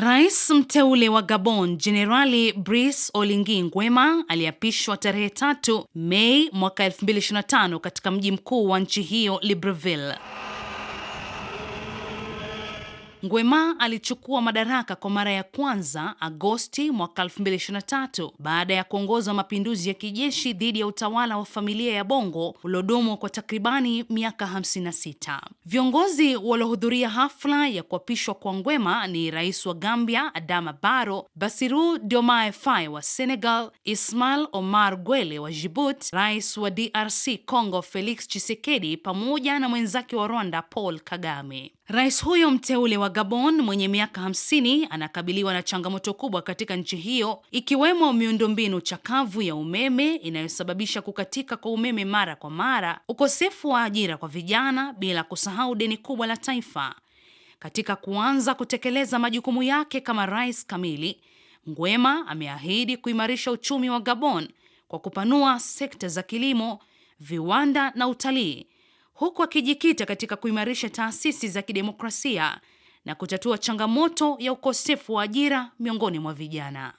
Rais mteule wa Gabon Jenerali Brice Olingi ngwema aliapishwa tarehe tatu Mei mwaka 225 katika mji mkuu wa nchi hiyo Libreville. Ngwema alichukua madaraka kwa mara ya kwanza Agosti mwaka 2023 baada ya kuongoza mapinduzi ya kijeshi dhidi ya utawala wa familia ya Bongo uliodumu kwa takribani miaka 56. Viongozi waliohudhuria hafla ya kuapishwa kwa Ngwema ni Rais wa Gambia Adama Barrow, Bassirou Diomaye Faye wa Senegal, Ismail Omar Gwele wa Djibouti, Rais wa DRC Congo Felix Tshisekedi pamoja na mwenzake wa Rwanda Paul Kagame. Rais huyo mteule wa Gabon mwenye miaka 50 anakabiliwa na changamoto kubwa katika nchi hiyo ikiwemo miundombinu chakavu ya umeme inayosababisha kukatika kwa umeme mara kwa mara, ukosefu wa ajira kwa vijana, bila kusahau deni kubwa la taifa. Katika kuanza kutekeleza majukumu yake kama rais kamili, Nguema ameahidi kuimarisha uchumi wa Gabon kwa kupanua sekta za kilimo, viwanda na utalii, huku akijikita katika kuimarisha taasisi za kidemokrasia na kutatua changamoto ya ukosefu wa ajira miongoni mwa vijana.